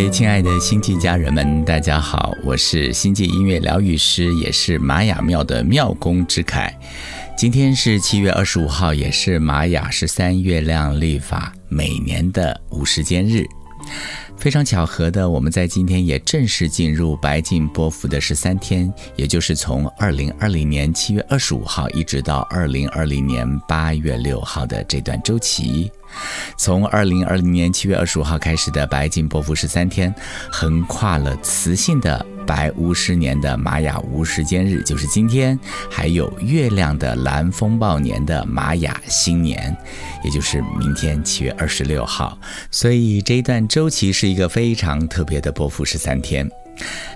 各位親愛的星際家人們，大家好！我是星際音樂療癒師，也是瑪雅廟的廟公之愷。今天是七月二十五號，也是瑪雅十三月亮曆法每年的無時間日。非常巧合的，我們在今天也正式進入白鏡波符的十三天，也就是從二零二零年七月二十五號一直到二零二零年八月六號的這段周期。從二零二零年七月二十五號開始的白金波符十三天，橫跨了磁性的白巫師年的瑪雅無時間日，就是今天，還有月亮的藍風暴年的瑪雅新年，也就是明天七月二十六號。所以這一段周期是一個非常特別的波符十三天。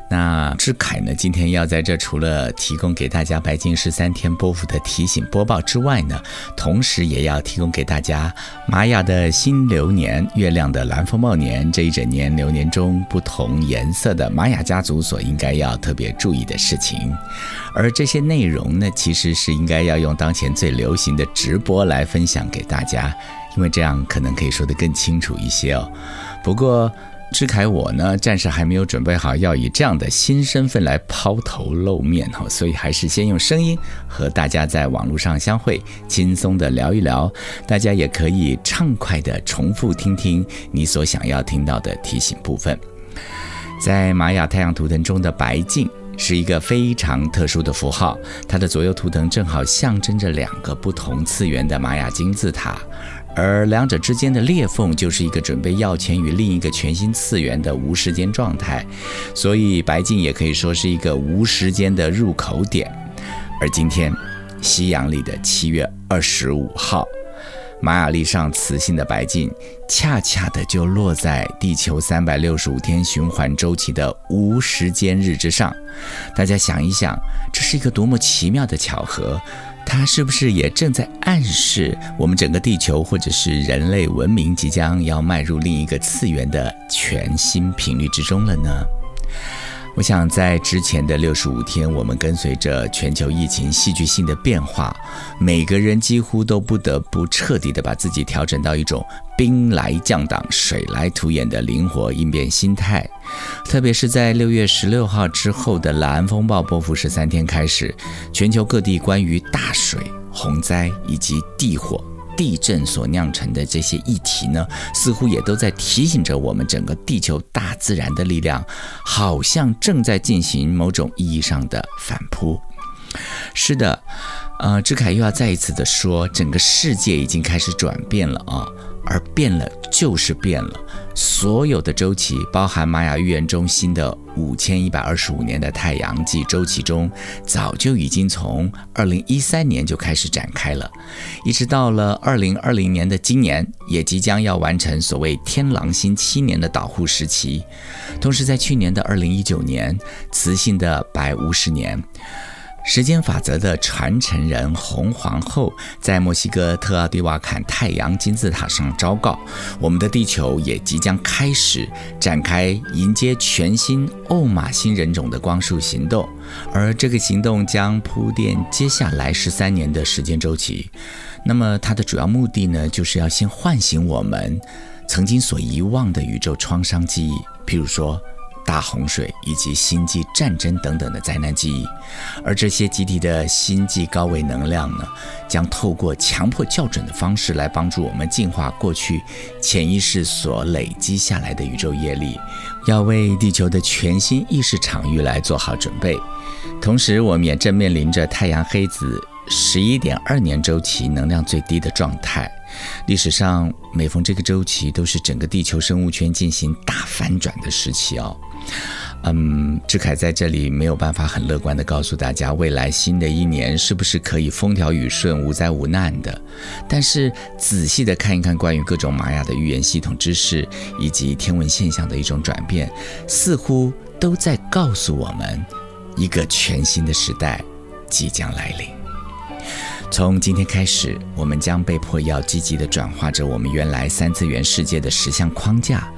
那之愷呢？今天要在這除了提供給大家白金十三天波符的提醒播報之外呢，同時也要提供給大家瑪雅的新流年、月亮的藍風暴年這一整年流年中不同顏色的瑪雅家族所應該要特別注意的事情。而這些內容呢，其實是應該要用當前最流行的直播來分享給大家，因為這樣可能可以說得更清楚一些哦。不過。之愷，我呢，暫時還沒有準備好要以這樣的新身份來拋頭露面。所以還是先用聲音和大家在網絡上相會，輕鬆地聊一聊。大家也可以暢快地重複聽聽你所想要聽到的提醒部分。在瑪雅太陽圖騰中的白鏡是一個非常特殊的符號，它的左右圖騰正好象徵着兩個不同次元的瑪雅金字塔。而兩者之間的裂縫就是一個準備要遷入另一個全新次元的無時間狀態，所以白鏡也可以說是一個無時間的入口點。而今天，西洋裡的七月二十五號，瑪雅曆上磁性的白鏡，恰恰的就落在地球三百六十五天循環周期的無時間日之上。大家想一想，這是一個多麼奇妙的巧合！它是不是也正在暗示我們整個地球或者是人類文明即將要邁入另一個次元的全新頻率之中了呢？我想，在之前的六十五天，我們跟隨着全球疫情戲劇性的變化，每個人幾乎都不得不徹底地把自己調整到一種“兵來將擋，水來土掩”的靈活應變心態。特別是在六月十六號之後的藍風暴波幅十三天開始，全球各地關於大水、洪災以及地火、地震所釀成的這些議題呢，似乎也都在提醒着我們，整個地球大自然的力量好像正在進行某種意義上的反撲。是的，呃，志凱又要再一次的說，整個世界已經開始轉變了啊。而變了就是變了，所有的周期，包含瑪雅預言中新的五千一百二十五年的太陽紀周期中，早就已經從二零一三年就開始展開了，一直到了二零二零年的今年，也即將要完成所謂天狼星七年的導護時期。同時，在去年的二零一九年，磁性的白巫師年。時間法則的傳承人紅皇後在墨西哥特奧蒂瓦坎太陽金字塔上昭告：我們的地球也即將開始展開迎接全新奧瑪星人種的光束行動，而這個行動將鋪墊接下來十三年的時間週期。那麼，它的主要目的呢，就是要先喚醒我們曾經所遺忘的宇宙創傷記憶，譬如說。大洪水以及星際戰爭等等的災難記憶，而這些集體的星際高維能量呢，將透過強迫校準的方式來幫助我們淨化過去潛意識所累積下來的宇宙業力，要為地球的全新意識場域來做好準備。同時，我們也正面臨着太陽黑子十一點二年週期能量最低的狀態。歷史上每逢這個週期，都是整個地球生物圈進行大反轉的時期哦。嗯，之愷在這裡沒有辦法很樂觀的告訴大家，未來新的一年是不是可以風調雨順、無災無難的。但是仔細的看一看關於各種瑪雅的預言系統知識以及天文現象的一種轉變，似乎都在告訴我們，一個全新的時代即將來臨。從今天開始，我們將被迫要積極的轉化着我們原來三次元世界的實像框架。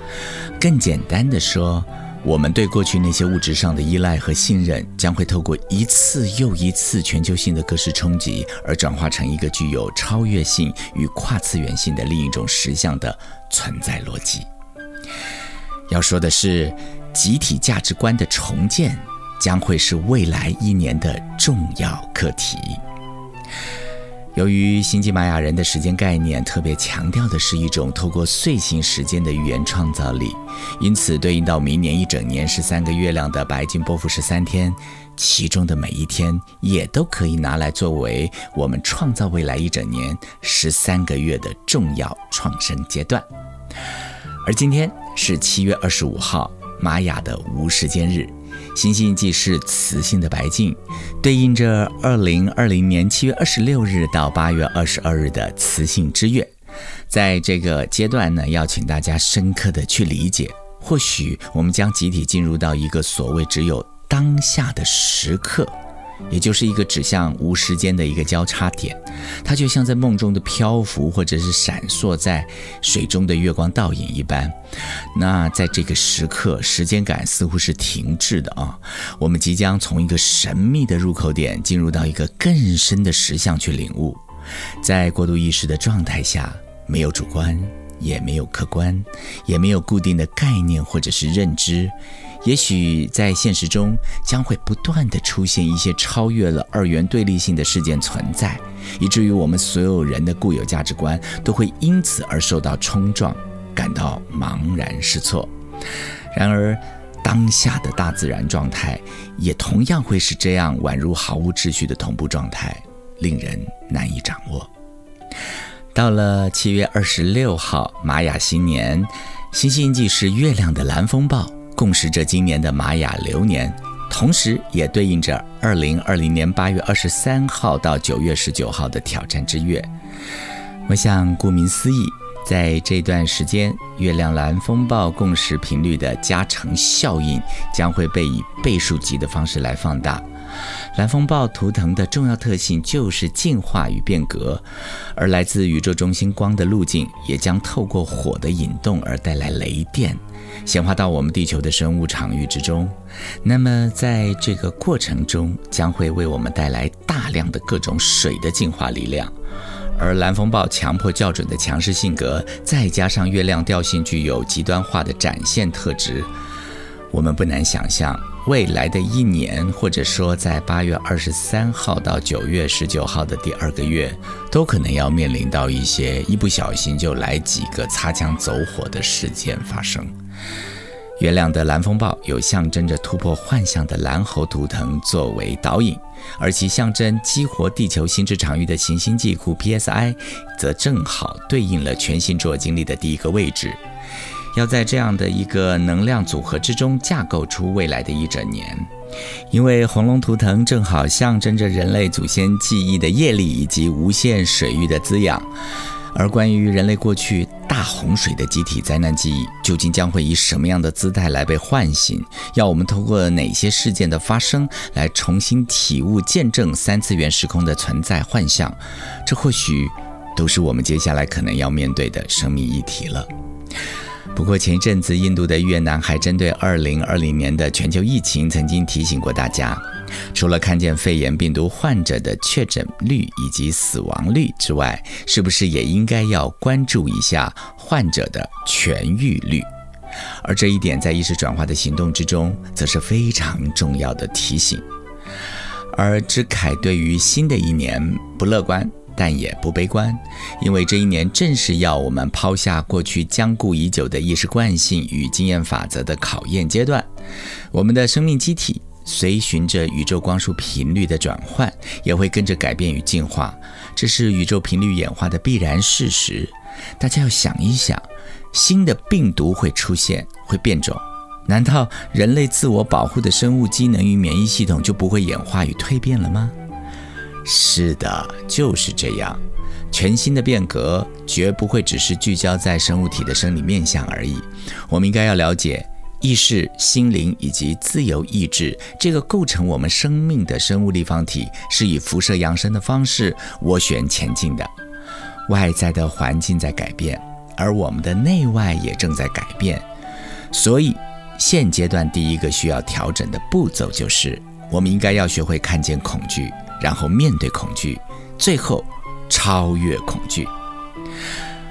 更簡單的說，我們對過去那些物質上的依賴和信任，將會透過一次又一次全球性的各式衝擊，而轉化成一個具有超越性與跨次元性的另一種實相的存在邏輯。要說的是，集體價值觀的重建，將會是未來一年的重要課題。由於星際瑪雅人的時間概念特別強調的是一種透過碎形時間的語言創造力，因此對應到明年一整年十三個月亮的白金波符十三天，其中的每一天也都可以拿來作為我們創造未來一整年十三個月的重要創生階段。而今天是七月二十五號，瑪雅的無時間日。新星星即是磁性的白淨，對應着二零二零年七月二十六日到八月二十二日的磁性之月。在這個階段呢，要請大家深刻地去理解，或許我們將集體進入到一個所謂只有當下的時刻。也就是一個指向無時間的一個交叉點，它就像在夢中的漂浮，或者是閃爍在水中的月光倒影一般。那在這個時刻，時間感似乎是停滯的啊、哦。我們即將從一個神秘的入口點進入到一個更深的實相去領悟，在過渡意識的狀態下，沒有主觀，也沒有客觀，也沒有固定的概念或者是認知。也許在現實中將會不斷地出現一些超越了二元對立性的事件存在，以至於我們所有人的固有價值觀都會因此而受到衝撞，感到茫然失措。然而，當下的大自然狀態也同樣會是這樣，宛如毫無秩序的同步狀態，令人難以掌握。到了七月二十六號，瑪雅新年，新星紀星是月亮的藍風暴。共識着今年的馬雅流年，同時也對應着二零二零年八月二十三號到九月十九號的挑戰之月。我想，顧名思義，在這段時間，月亮藍風暴共時頻率的加成效應將會被以倍數級的方式來放大。藍風暴圖騰的重要特性就是進化與變革，而來自宇宙中心光的路徑也將透過火的引動而帶來雷電，顯化到我們地球的生物場域之中。那麼，在這個過程中，將會為我們帶來大量的各種水的進化力量。而藍風暴強迫校準的強勢性格，再加上月亮調性具有極端化的展現特質，我們不難想象。未來的一年，或者說在八月二十三號到九月十九號的第二個月，都可能要面臨到一些一不小心就來幾個擦槍走火的事件發生。月亮的藍風暴有象徵着突破幻象的藍猴圖騰作為導引，而其象徵激活地球心智場域的行星計庫 PSI，則正好對應了全星座經歷的第一個位置。要在這樣的一個能量組合之中架構出未來的一整年，因為紅龍圖騰正好象徵着人類祖先記憶的業力以及無限水域的滋養，而關於人類過去大洪水的集體災難記憶，究竟將會以什麼樣的姿態來被喚醒？要我們透過哪些事件的發生來重新體悟、見證三次元時空的存在幻象？這或許都是我們接下來可能要面對的生命議題了。不過前一陣子，印度的越南還針對2020年的全球疫情，曾經提醒過大家：除了看見肺炎病毒患者的確診率以及死亡率之外，是不是也應該要關注一下患者的痊癒率？而這一點在意識轉化的行動之中，則是非常重要的提醒。而之愷對於新的一年不樂觀。但也不悲觀，因為這一年正是要我們拋下過去僵固已久的意識慣性與經驗法則的考驗階段。我們的生命機體隨循着宇宙光束頻率的轉換，也會跟着改變與進化，這是宇宙頻率演化的必然事實。大家要想一想，新的病毒會出現，會變種，難道人類自我保護的生物機能與免疫系統就不會演化與蛻變了嗎？是的，就是這樣。全新的變革絕不會只是聚焦在生物體的生理面向而已。我們應該要了解意識、心靈以及自由意志這個構成我們生命的生物立方體，是以輻射揚升的方式渦旋前進的。外在的環境在改變，而我們的內外也正在改變。所以，現階段第一個需要調整的步驟就是，我們應該要學會看見恐懼。然後面對恐懼，最後超越恐懼。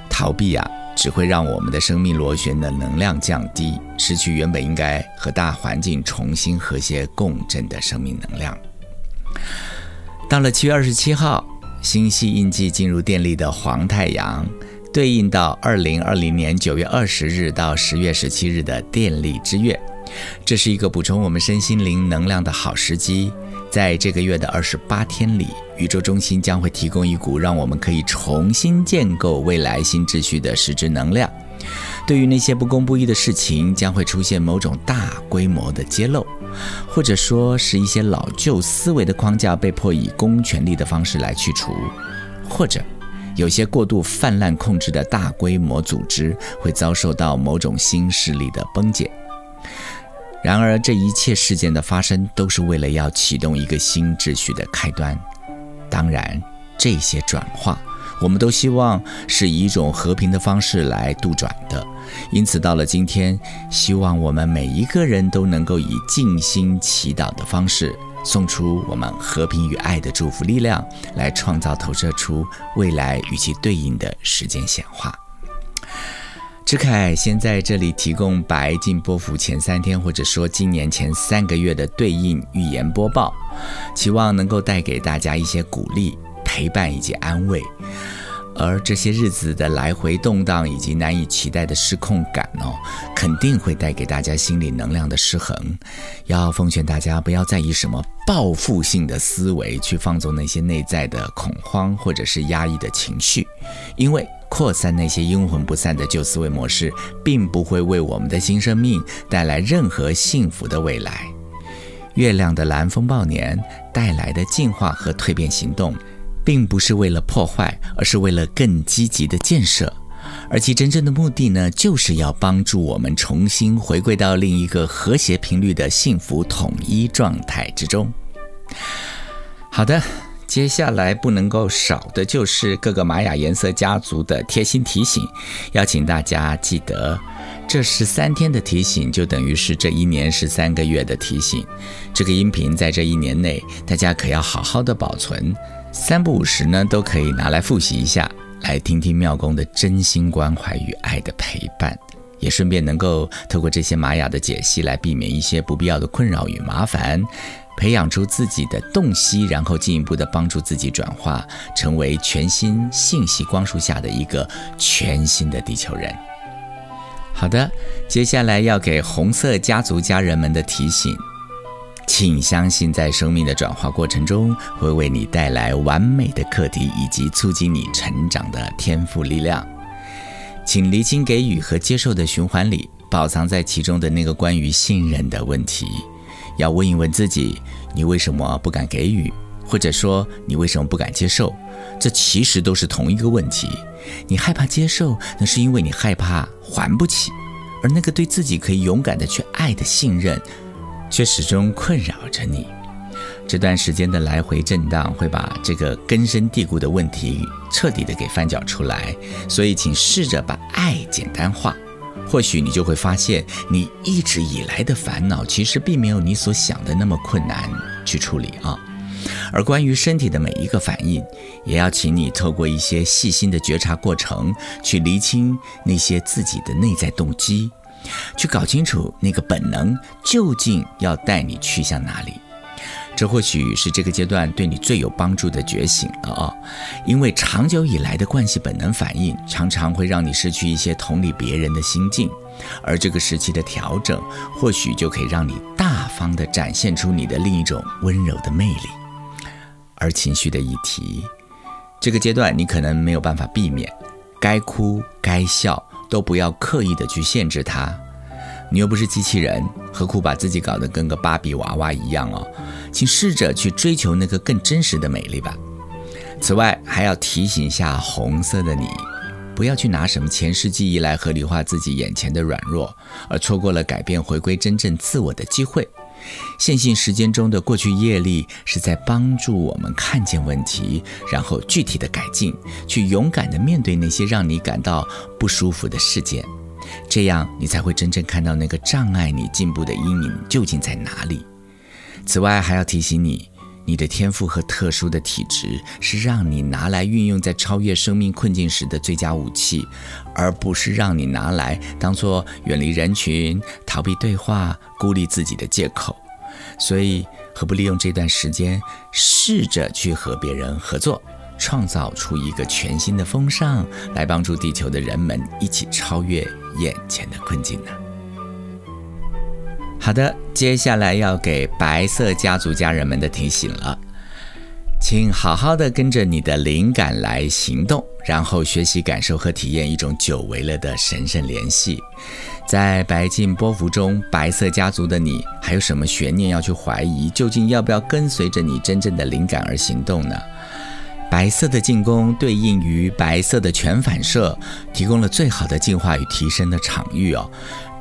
逃避呀、啊，只會讓我們的生命螺旋的能量降低，失去原本應該和大環境重新和諧共振的生命能量。到了七月二十七號，星系印記進入電力的黃太陽，對應到二零二零年九月二十日到十月十七日的電力之月，這是一個補充我們身心靈能量的好時機。在這個月的二十八天裡，宇宙中心將會提供一股讓我們可以重新建構未來新秩序的實質能量。對於那些不公不義的事情，將會出現某種大規模的揭露，或者說是一些老舊思維的框架被迫以公權力的方式來去除，或者有些過度泛濫控制的大規模組織會遭受到某種新勢力的崩解。然而，這一切事件的發生都是為了要啟動一個新秩序的開端。當然，這些轉化，我們都希望是以一種和平的方式來度轉的。因此，到了今天，希望我們每一個人都能夠以靜心祈禱的方式，送出我們和平與愛的祝福力量，來創造投射出未來與其對應的時間顯化。之愷先在這裡提供白金波符前三天，或者說今年前三個月的對應預言播報，期望能夠帶給大家一些鼓勵、陪伴以及安慰。而這些日子的來回動盪以及難以期待的失控感呢、哦，肯定會帶給大家心理能量的失衡。要奉勸大家不要再以什麼報復性的思維去放縱那些內在的恐慌或者是壓抑的情緒，因為，擴散那些陰魂不散的舊思維模式，並不會為我們的新生命帶來任何幸福的未來。月亮的藍風暴年帶來的進化和蛻變行動，並不是為了破壞，而是為了更積極的建設。而其真正的目的呢，就是要幫助我們重新回歸到另一個和諧頻率的幸福統一狀態之中。好的。接下來不能夠少的就是各個瑪雅顏色家族的貼心提醒，要請大家記得，這十三天的提醒就等於是這一年十三個月的提醒。這個音頻在這一年內，大家可要好好的保存，三不五時呢都可以拿來複習一下，來聽聽廟公的真心關懷與愛的陪伴，也順便能夠透過這些瑪雅的解析來避免一些不必要的困擾與麻煩，培養出自己的洞悉，然後進一步的幫助自己轉化，成為全新信息光束下的一個全新的地球人。好的，接下來要給紅色家族家人們的提醒，請相信在生命的轉化過程中，會為你帶來完美的課題以及促進你成長的天賦力量。請釐清給予和接受的循環裡，包藏在其中的那個關於信任的問題。要問一問自己，你為什麼不敢給予，或者說你為什麼不敢接受？這其實都是同一個問題。你害怕接受，那是因為你害怕還不起，而那個對自己可以勇敢的去愛的信任，卻始終困擾着你。這段時間的來回震盪，會把這個根深蒂固的問題徹底的給翻攪出來。所以，請試着把愛簡單化。或許你就會發現，你一直以來的煩惱其實並沒有你所想的那麼困難去處理啊。而關於身體的每一個反應，也要請你透過一些細心的覺察過程，去釐清那些自己的內在動機，去搞清楚那個本能究竟要帶你去向哪裡。這或許是這個階段對你最有幫助的覺醒了啊、哦！因為長久以來的慣性本能反應，常常會讓你失去一些同理別人的心境，而這個時期的調整，或許就可以讓你大方地展現出你的另一種溫柔的魅力。而情緒的議題，這個階段你可能沒有辦法避免，該哭該笑都不要刻意地去限制它，你又不是機器人，何苦把自己搞得跟個芭比娃娃一樣哦？請試着去追求那個更真實的美麗吧。此外，還要提醒一下紅色的你，不要去拿什麼前世記憶來合理化自己眼前的軟弱，而錯過了改變、回歸真正自我的機會。線性時間中的過去業力是在幫助我們看見問題，然後具體的改進，去勇敢的面對那些讓你感到不舒服的事件，這樣你才會真正看到那個障礙你進步的陰影究竟在哪裡。此外，還要提醒你，你的天賦和特殊的體質是讓你拿來運用在超越生命困境時的最佳武器，而不是讓你拿來當作遠離人群、逃避對話、孤立自己的借口。所以，何不利用這段時間，試着去和別人合作，創造出一個全新的風尚，來幫助地球的人們一起超越眼前的困境呢？好的，接下來要給白色家族家人們的提醒了，請好好的跟着你的靈感來行動，然後學習、感受和體驗一種久違了的神聖聯繫。在白鏡波符中，白色家族的你還有什麼懸念要去懷疑？究竟要不要跟隨着你真正的靈感而行動呢？白色的進攻對應於白色的全反射，提供了最好的進化與提升的場域哦。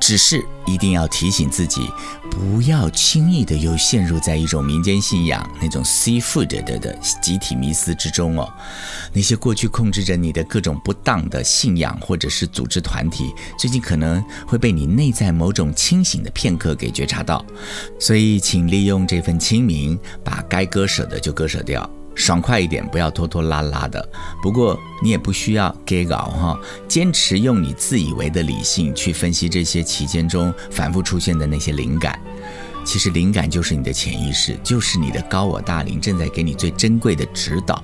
只是一定要提醒自己，不要輕易的又陷入在一種民間信仰那種束縛著的的的集體迷思之中哦。那些過去控制着你的各種不當的信仰或者是組織團體，最近可能會被你內在某種清醒的片刻給覺察到。所以，請利用這份清明，把該割舍的就割舍掉。爽快一點，不要拖拖拉拉的。不過你也不需要 g a t o l 哈，堅持用你自以為的理性去分析這些期間中反覆出現的那些靈感。其實靈感就是你的潛意識，就是你的高我大靈正在給你最珍貴的指導。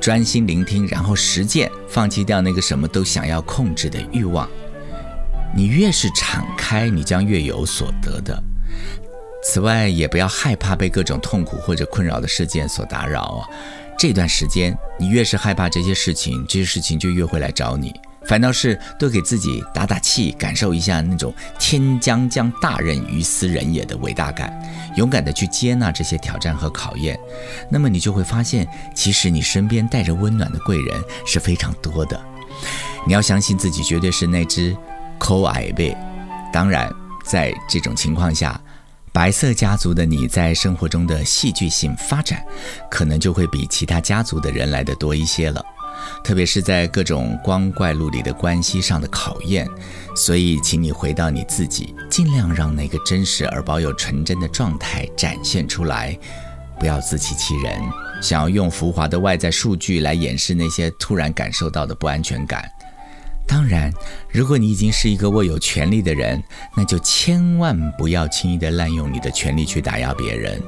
專心聆聽，然後實踐，放棄掉那個什麼都想要控制的慾望。你越是敞開，你將越有所得的。此外，也不要害怕被各種痛苦或者困擾的事件所打擾啊！這段時間，你越是害怕這些事情，這些事情就越會來找你。反倒是多給自己打打氣，感受一下那種“天將降大任於斯人也”的偉大感，勇敢地去接納這些挑戰和考驗。那麼，你就會發現，其實你身邊帶着溫暖的貴人是非常多的。你要相信自己，絕對是那只摳矮唄。當然，在這種情況下。白色家族的你在生活中的戲劇性發展，可能就會比其他家族的人來得多一些了，特別是在各種光怪陸離的關係上的考驗。所以，請你回到你自己，盡量讓那個真實而保有純真的狀態展現出來，不要自欺欺人，想要用浮華的外在數據來掩飾那些突然感受到的不安全感。當然，如果你已經是一個握有權力的人，那就千萬不要輕易地濫用你的權力去打壓別人，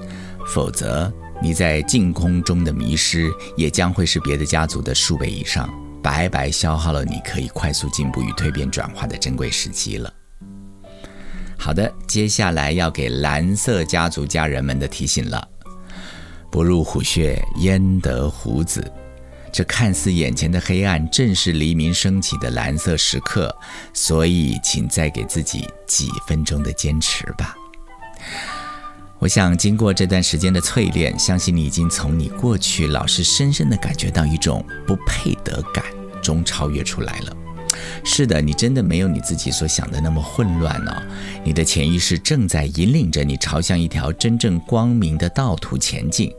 否則你在淨空中的迷失，也將會是別的家族的數倍以上，白白消耗了你可以快速進步與蛻變轉化的珍貴時機了。好的，接下來要給藍色家族家人們的提醒了：不入虎穴，焉得虎子。這看似眼前的黑暗，正是黎明升起的藍色時刻，所以請再給自己幾分鐘的堅持吧。我想，經過這段時間的淬煉，相信你已經從你過去老是深深的感覺到一種不配得感中超越出來了。是的，你真的沒有你自己所想的那麼混亂呢、哦。你的潛意識正在引領着你朝向一條真正光明的道途前進，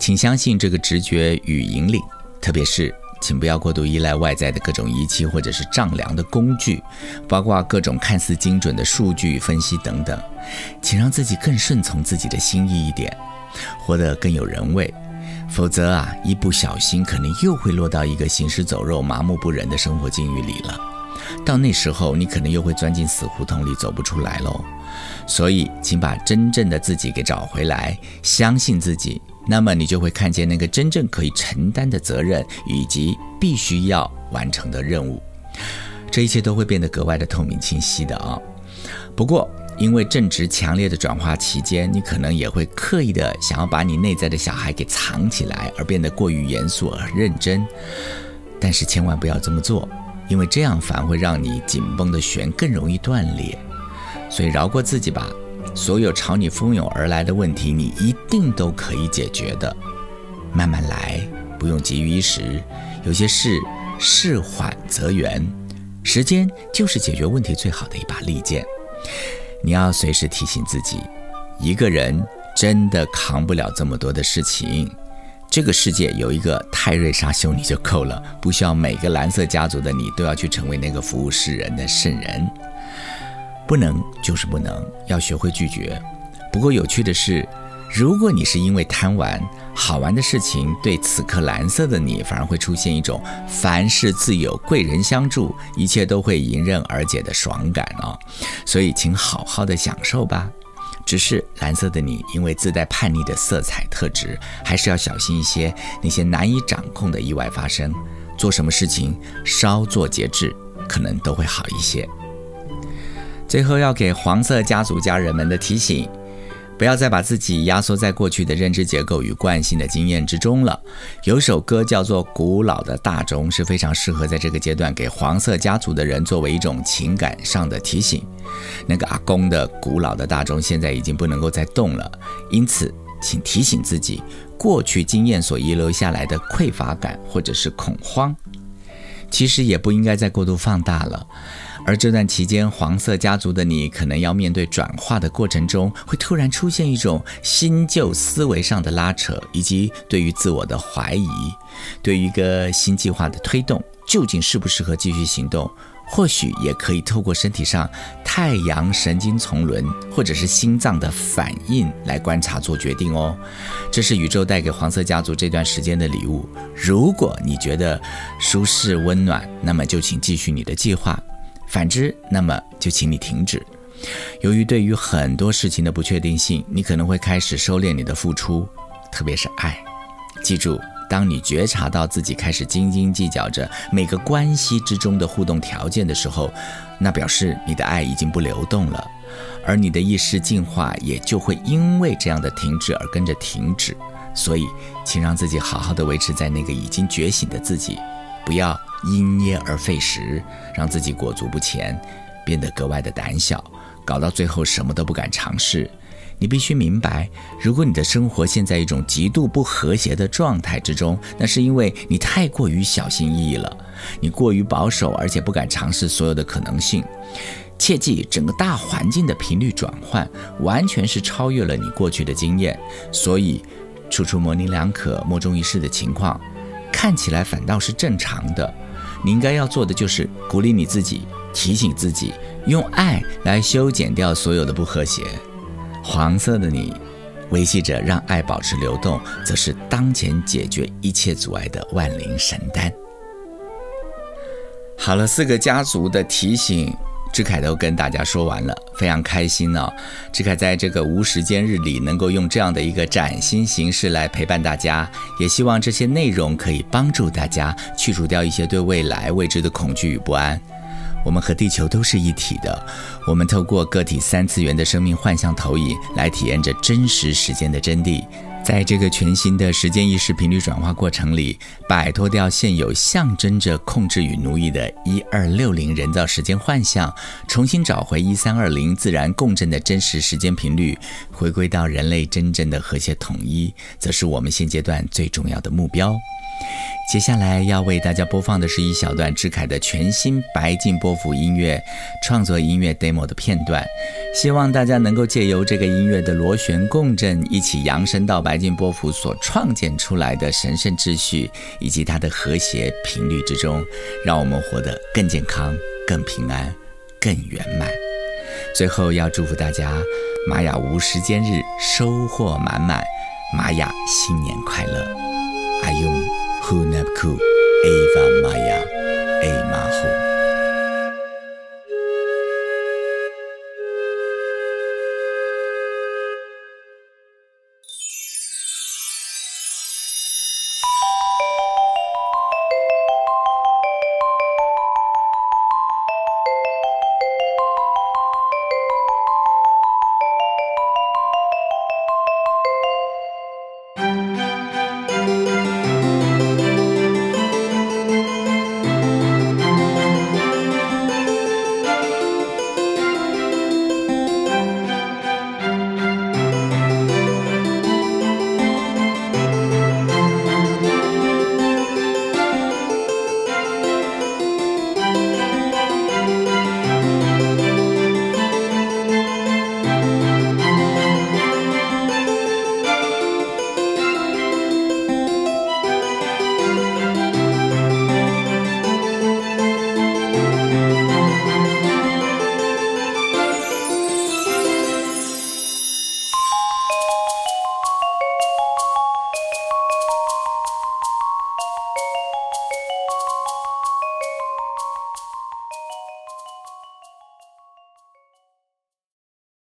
請相信這個直覺與引領。特別是，請不要過度依賴外在的各種儀器或者是丈量的工具，包括各種看似精準的數據分析等等，請讓自己更順從自己的心意一點，活得更有人味。否則啊，一不小心可能又會落到一個行屍走肉、麻木不仁的生活境遇裡了。到那時候，你可能又會鑽進死胡同裡走不出來嘍。所以，請把真正的自己給找回來，相信自己。那麼你就會看見那個真正可以承擔的責任以及必須要完成的任務，這一切都會變得格外的透明清晰的啊！不過，因為正值強烈的轉化期間，你可能也會刻意的想要把你內在的小孩給藏起來，而變得過於嚴肅而認真。但是千萬不要這麼做，因為這樣反而會讓你緊繃的弦更容易斷裂，所以饒過自己吧。所有朝你蜂擁而來的問題，你一定都可以解決的。慢慢來，不用急於一時。有些事，事緩則圓。時間就是解決問題最好的一把利劍。你要隨時提醒自己，一個人真的扛不了這麼多的事情。這個世界有一個泰瑞莎修女就夠了，不需要每個藍色家族的你都要去成為那個服務世人的聖人。不能就是不能，要學會拒絕。不過有趣的是，如果你是因為貪玩，好玩的事情對此刻藍色的你，反而會出現一種凡“凡事自有貴人相助，一切都會迎刃而解”的爽感哦。所以，請好好的享受吧。只是藍色的你因為自帶叛逆的色彩特質，還是要小心一些，那些難以掌控的意外發生。做什麼事情稍作節制，可能都會好一些。最後要給黃色家族家人們的提醒，不要再把自己壓縮在過去的認知結構與慣性的經驗之中了。有首歌叫做《古老的大鐘》，是非常適合在這個階段給黃色家族的人作為一種情感上的提醒。那個阿公的古老的大鐘現在已經不能夠再動了，因此，請提醒自己，過去經驗所遺留下來的匱乏感或者是恐慌，其實也不應該再過度放大了。而這段期間，黃色家族的你可能要面對轉化的過程中，會突然出現一種新舊思維上的拉扯，以及對於自我的懷疑，對於一個新計劃的推動，究竟適不適合繼續行動，或許也可以透過身體上太陽神經叢輪，或者是心臟的反應來觀察做決定哦。這是宇宙帶給黃色家族這段時間的禮物。如果你覺得舒適溫暖，那麼就請繼續你的計劃。反之，那麼就請你停止。由於對於很多事情的不確定性，你可能會開始收斂你的付出，特別是愛。記住，當你覺察到自己開始斤斤計較着每個關係之中的互動條件的時候，那表示你的愛已經不流動了，而你的意識進化也就會因為這樣的停止而跟着停止。所以，請讓自己好好的維持在那個已經覺醒的自己。不要因噎而廢食，讓自己裹足不前，變得格外的膽小，搞到最後什麼都不敢嘗試。你必須明白，如果你的生活陷在一種極度不和諧的狀態之中，那是因為你太過於小心翼翼了，你過於保守，而且不敢嘗試所有的可能性。切記，整個大環境的頻率轉換，完全是超越了你過去的經驗，所以處處模稜兩可、莫衷一是的情況。看起來反倒是正常的，你應該要做的就是鼓勵你自己，提醒自己，用愛來修剪掉所有的不和諧。黃色的你，維繫着讓愛保持流動，則是當前解決一切阻礙的萬靈神丹。好了，四個家族的提醒，之愷都跟大家說完了，非常開心呢、哦。之愷在這個無時間日裡，能夠用這樣的一個嶄新形式來陪伴大家，也希望這些內容可以幫助大家去除掉一些對未來未知的恐懼與不安。我們和地球都是一體的，我們透過個體三次元的生命幻象投影來體驗着真實時間的真諦。在這個全新的時間意識頻率轉化過程裡，擺脫掉現有象徵着控制與奴役的“一二六零”人造時間幻象，重新找回“一三二零”自然共振的真實時間頻率，回歸到人類真正的和諧統一，則是我們現階段最重要的目標。接下來要為大家播放的是一小段之愷的全新白鏡波符音樂創作音樂 demo 的片段，希望大家能夠借由這個音樂的螺旋共振，一起揚升到白海靜波普所創建出來的神聖秩序以及它的和諧頻率之中，讓我們活得更健康、更平安、更圓滿。最後要祝福大家，瑪雅無時間日收穫滿滿，瑪雅新年快樂！阿勇，Hunab Ku, Evam Maya E Ma Ho